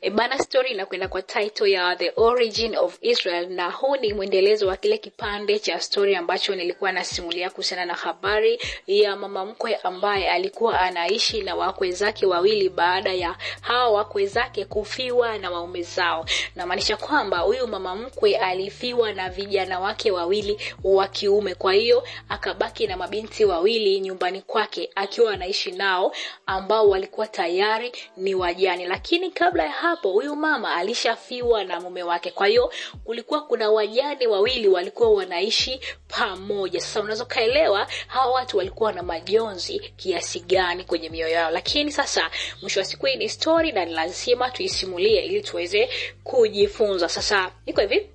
E eh, bana, stori inakwenda kwa title ya The Origin of Israel, na huu ni mwendelezo wa kile kipande cha stori ambacho nilikuwa nasimulia kuhusiana na habari ya mama mkwe ambaye alikuwa anaishi na wakwe zake wawili baada ya hawa wakwe zake kufiwa na waume zao. Namaanisha kwamba huyu mama mkwe alifiwa na vijana wake wawili wa kiume, kwa hiyo akabaki na mabinti wawili nyumbani kwake akiwa anaishi nao, ambao walikuwa tayari ni wajani lakini kabla ya hapo huyu mama alishafiwa na mume wake. Kwa hiyo kulikuwa kuna wajane wawili walikuwa wanaishi pamoja. Sasa unaweza ukaelewa hawa watu walikuwa na majonzi kiasi gani kwenye mioyo yao, lakini sasa mwisho wa siku hii ni stori na ni lazima tuisimulie ili tuweze kujifunza. Sasa iko hivi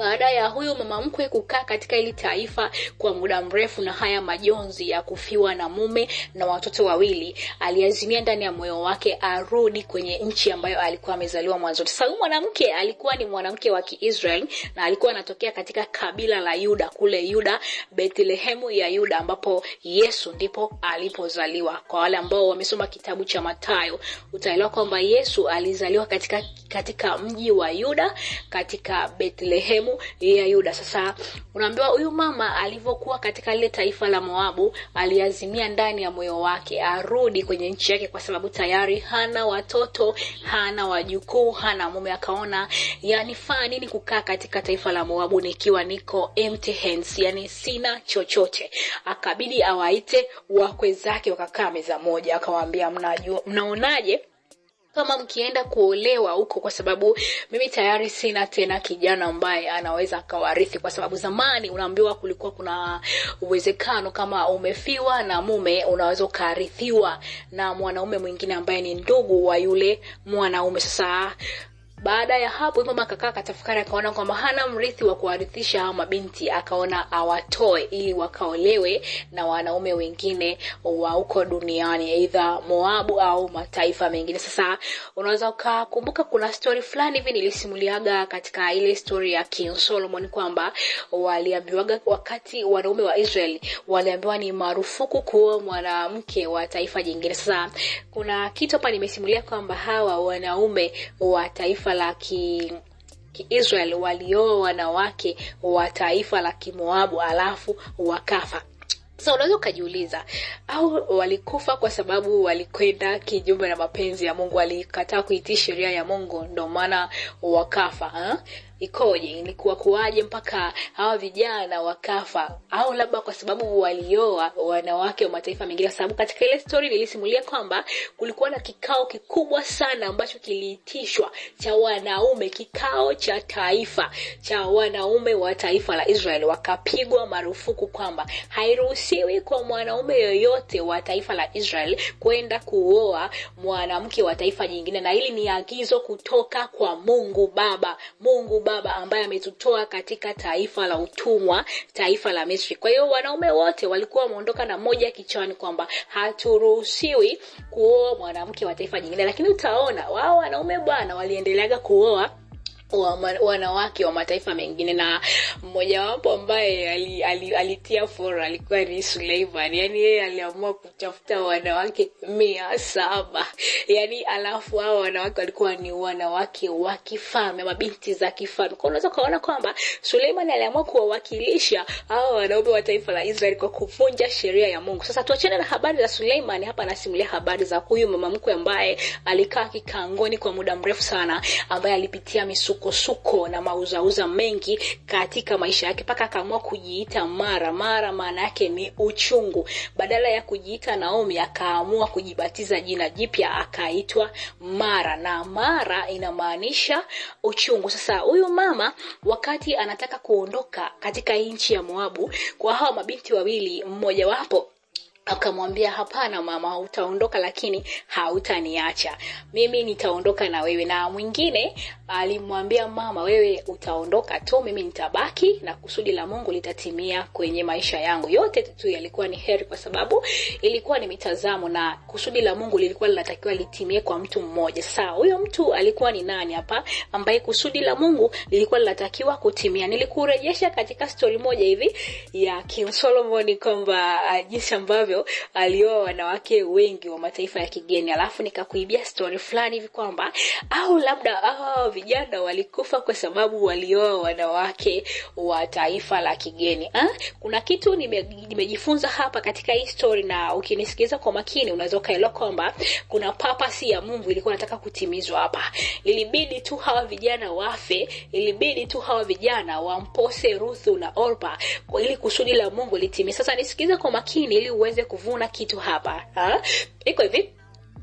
baada ya huyu mama mkwe kukaa katika hili taifa kwa muda mrefu na haya majonzi ya kufiwa na mume na watoto wawili, aliazimia ndani ya moyo wake arudi kwenye nchi ambayo alikuwa amezaliwa mwanzo. Sasa huyu mwanamke alikuwa ni mwanamke wa kiisrael na alikuwa anatokea katika kabila la Yuda, kule Yuda, Bethlehemu ya Yuda, ambapo Yesu ndipo alipozaliwa. Kwa wale ambao wamesoma kitabu cha Mathayo, utaelewa kwamba Yesu alizaliwa katika katika mji wa Yuda katika Bethlehemu ya Yuda. Sasa unaambiwa huyu mama alivyokuwa katika lile taifa la Moabu, aliazimia ndani ya moyo wake arudi kwenye nchi yake, kwa sababu tayari hana watoto, hana wajukuu, hana mume. Akaona faa nini kukaa katika taifa la Moabu nikiwa niko empty hands, yani sina chochote. Akabidi awaite wakwe zake, wakakaa meza moja, akawaambia mnaonaje kama mkienda kuolewa huko, kwa sababu mimi tayari sina tena kijana ambaye anaweza akawarithi, kwa sababu zamani unaambiwa kulikuwa kuna uwezekano kama umefiwa na mume unaweza ukaarithiwa na mwanaume mwingine ambaye ni ndugu wa yule mwanaume. Sasa baada ya hapo mama akakaa akatafakari, akaona kwamba hana mrithi wa kuwarithisha hawa mabinti, akaona awatoe ili wakaolewe na wanaume wengine wa huko duniani, aidha Moabu au mataifa mengine. Sasa unaweza ukakumbuka kuna stori fulani hivi nilisimuliaga katika ile stori ya King Solomon kwamba waliambiwaga, wakati wanaume wa israel waliambiwa ni marufuku kuoa mwanamke wa taifa jingine. Sasa kuna kitu hapa nimesimulia kwamba hawa wanaume wa taifa taifa la ki walioa wanawake wa taifa la Kimoabu alafu wakafa. Sasa so, unaweza ukajiuliza, au walikufa kwa sababu walikwenda kijumbe na mapenzi ya Mungu, walikataa kuitii sheria ya Mungu, ndio maana wakafa ha? ikoje, ilikuwa kuwaje mpaka hawa vijana wakafa, au labda kwa sababu walioa wanawake wa mataifa mengine, kwa sababu katika ile stori nilisimulia kwamba kulikuwa na kikao kikubwa sana ambacho kiliitishwa cha wanaume, kikao cha taifa cha wanaume wa taifa la Israel, wakapigwa marufuku kwamba hairuhusiwi kwa mwanaume yoyote wa taifa la Israel kwenda kuoa mwanamke wa taifa jingine, na hili ni agizo kutoka kwa Mungu Baba, Mungu Baba baba ambaye ametutoa katika taifa la utumwa, taifa la Misri. Kwa hiyo wanaume wote walikuwa wameondoka na moja kichwani kwamba haturuhusiwi kuoa mwanamke wa taifa jingine, lakini utaona wao wanaume bwana waliendeleaga kuoa wanawake wa mataifa mengine na mmojawapo ambaye alitia ali, ali fora alikuwa ni Suleiman. Yani yeye aliamua kutafuta wanawake mia saba yani, alafu hao wanawake walikuwa ni wanawake wa kifalme, mabinti za kifalme. Kwa unaweza ukaona kwamba Suleiman aliamua kuwawakilisha hao wanaume wa taifa la Israeli kwa kuvunja sheria ya Mungu. Sasa tuachane na habari za Suleiman, hapa anasimulia habari za huyu mama mkwe ambaye alikaa kikangoni kwa muda mrefu sana, ambaye alipitia misuko misukosuko na mauzauza mengi katika maisha yake mpaka akaamua kujiita Mara. Mara maana yake ni uchungu. Badala ya kujiita Naomi akaamua kujibatiza jina jipya akaitwa Mara, na Mara inamaanisha uchungu. Sasa huyu mama wakati anataka kuondoka katika nchi ya Moabu kwa hawa mabinti wawili, mmojawapo akamwambia hapana, mama, utaondoka lakini hautaniacha mimi, nitaondoka na wewe. Na mwingine alimwambia mama, wewe utaondoka tu, mimi nitabaki na kusudi la Mungu litatimia kwenye maisha yangu. Yote tu yalikuwa ni heri, kwa sababu ilikuwa ni mitazamo na kusudi la Mungu lilikuwa linatakiwa litimie kwa mtu mmoja. Sawa, huyo mtu alikuwa ni nani hapa, ambaye kusudi la Mungu lilikuwa linatakiwa kutimia? Nilikurejesha katika stori moja hivi ya King Solomon kwamba ah, jinsi ambavyo alioa wanawake wengi wa mataifa ya kigeni, alafu nikakuibia stori fulani hivi kwamba au labda au vijana walikufa kwa sababu walioa wanawake wa taifa la kigeni ha? Kuna kitu nimejifunza nime hapa katika hii story, na ukinisikiliza kwa makini unaweza ukaelewa kwamba kuna papasi ya Mungu ilikuwa nataka kutimizwa hapa. Ilibidi tu hawa vijana wafe, ilibidi tu hawa vijana wampose Ruthu na Orpa ili kusudi la Mungu litimie. Sasa nisikilize kwa makini ili uweze kuvuna kitu hapa ha? Iko hivi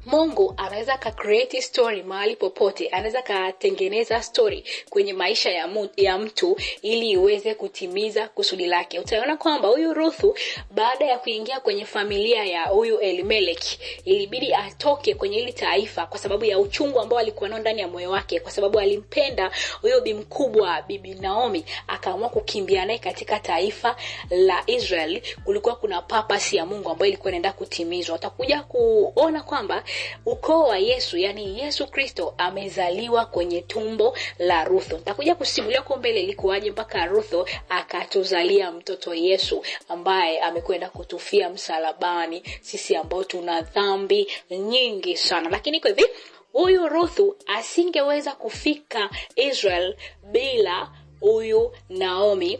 Mungu anaweza aka create story mahali popote, anaweza akatengeneza story kwenye maisha ya, mu, ya mtu ili iweze kutimiza kusudi lake. Utaona kwamba huyu Ruthu baada ya kuingia kwenye familia ya huyu Elimelek ilibidi atoke kwenye hili taifa kwa sababu ya uchungu ambao alikuwa nao ndani ya moyo wake, kwa sababu alimpenda huyo bi mkubwa bibi Naomi, akaamua kukimbia naye katika taifa la Israel. Kulikuwa kuna papasi ya Mungu ambayo ilikuwa inaenda kutimizwa. Utakuja kuona kwamba ukoo wa Yesu, yani Yesu Kristo amezaliwa kwenye tumbo la Rutho. Nitakuja kusimulia kwa mbele ilikuwaje mpaka Rutho akatuzalia mtoto Yesu ambaye amekwenda kutufia msalabani, sisi ambao tuna dhambi nyingi sana. Lakini iko hivi, huyu Ruthu asingeweza kufika Israel bila huyu Naomi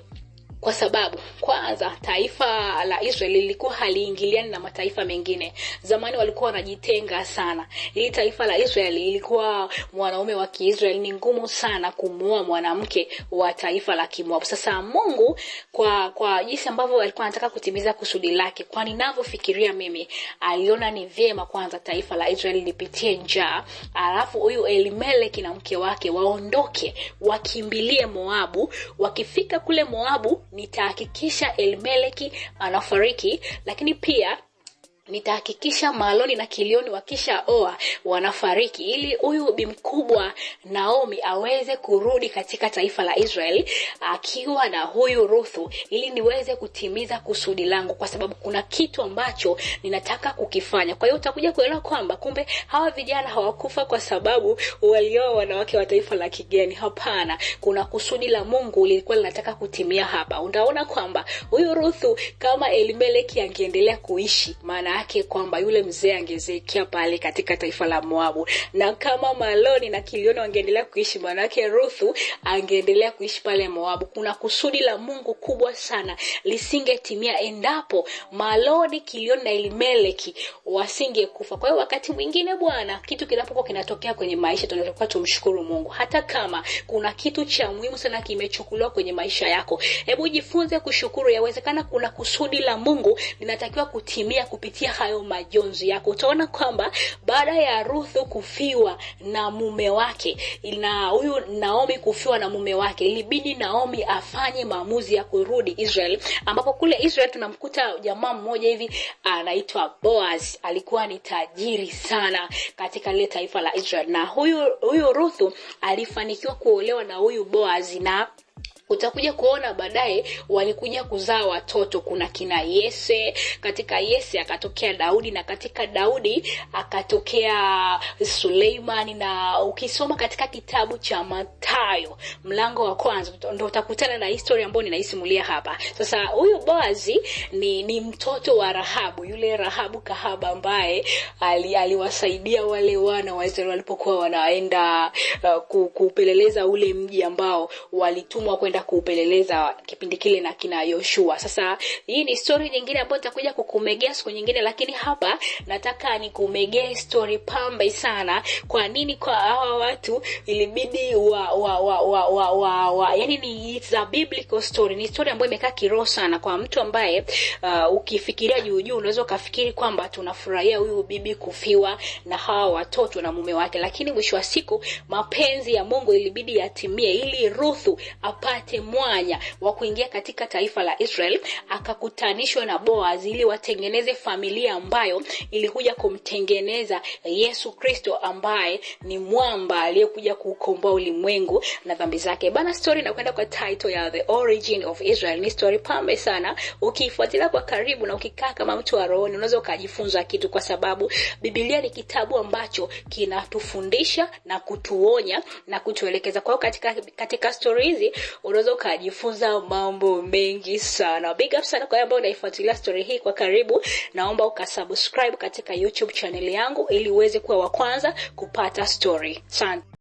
kwa sababu kwanza taifa la Israel lilikuwa haliingiliani na mataifa mengine. Zamani walikuwa wanajitenga sana. ili taifa la Israel lilikuwa, mwanaume wa kiisrael ni ngumu sana kumwoa mwanamke wa taifa la Kimoabu. Sasa Mungu kwa kwa jinsi ambavyo alikuwa anataka kutimiza kusudi lake, kwa ninavyofikiria mimi, aliona ni vyema kwanza taifa la israel lipitie njaa, alafu huyu Elimeleki na mke wake waondoke wakimbilie Moabu. Wakifika kule Moabu nitahakikisha elmeleki anafariki, lakini pia nitahakikisha Maloni na Kilioni wakisha oa wanafariki, ili huyu bi mkubwa Naomi aweze kurudi katika taifa la Israeli akiwa na huyu Ruthu, ili niweze kutimiza kusudi langu, kwa sababu kuna kitu ambacho ninataka kukifanya. Kwa hiyo utakuja kuelewa kwamba kumbe hawa vijana hawakufa kwa sababu walioa wanawake wa taifa la kigeni. Hapana, kuna kusudi la Mungu lilikuwa linataka kutimia hapa. Unaona kwamba huyu Ruthu, kama Elimeleki angeendelea kuishi, maana yake kwamba yule mzee angezeekea pale katika taifa la Moabu, na kama Maloni na Kilioni wangeendelea kuishi, manake Ruthu angeendelea kuishi pale Moabu. Kuna kusudi la Mungu kubwa sana lisingetimia endapo Maloni, Kilioni na Elimeleki wasingekufa. Kwa hiyo wakati mwingine, Bwana, kitu kinapokuwa kinatokea kwenye maisha tunatakiwa tumshukuru Mungu, hata kama kuna kitu cha muhimu sana kimechukuliwa kwenye maisha yako. Hebu jifunze kushukuru, yawezekana kuna kusudi la Mungu linatakiwa kutimia kupitia kupitia hayo majonzi yako. Utaona kwamba baada ya Ruthu kufiwa na mume wake na huyu Naomi kufiwa na mume wake, ilibidi Naomi afanye maamuzi ya kurudi Israel, ambapo kule Israel tunamkuta jamaa mmoja hivi anaitwa Boaz. Alikuwa ni tajiri sana katika lile taifa la Israel, na huyu huyu Ruthu alifanikiwa kuolewa na huyu Boaz na utakuja kuona baadaye walikuja kuzaa watoto. Kuna kina Yese, katika Yese akatokea Daudi na katika Daudi akatokea Suleimani. Na ukisoma katika kitabu cha matayo mlango wa kwanza ndo utakutana na historia ambayo ninaisimulia hapa sasa. Huyu Boazi ni, ni mtoto wa Rahabu, yule Rahabu kahaba ambaye aliwasaidia ali wale wana wa Israeli walipokuwa wanaenda uh, kupeleleza ule mji ambao walitumwa kwenda kwenda kuupeleleza kipindi kile na kina Yoshua. Sasa hii ni story nyingine ambayo nitakuja kukumegea siku nyingine, lakini hapa nataka nikumegee story pambe sana. Kwa nini kwa hawa watu ilibidi wa wa wa wa, wa, wa, wa. Yani ni it's a biblical story, ni story ambayo imekaa kiroho sana kwa mtu ambaye uh, ukifikiria juu juu unaweza ukafikiri kwamba tunafurahia huyu bibi kufiwa na hawa watoto na mume wake, lakini mwisho wa siku mapenzi ya Mungu ilibidi yatimie ili Ruthu apate apate mwanya wa kuingia katika taifa la Israel, akakutanishwa na Boaz ili watengeneze familia ambayo ilikuja kumtengeneza Yesu Kristo ambaye ni mwamba aliyekuja kuukomboa ulimwengu na dhambi zake. Bana, story inakwenda kwa title ya The Origin of Israel. Ni story pambe sana, ukiifuatilia kwa karibu na ukikaa kama mtu wa rohoni unaweza ukajifunza kitu, kwa sababu Biblia ni kitabu ambacho kinatufundisha na kutuonya na kutuelekeza. Kwa hiyo katika, katika story hizi unaweza ukajifunza mambo mengi sana. Big up sana kwa ambao unaifuatilia story hii kwa karibu. Naomba ukasubscribe katika YouTube channel yangu ili uweze kuwa wa kwanza kupata story. Asante.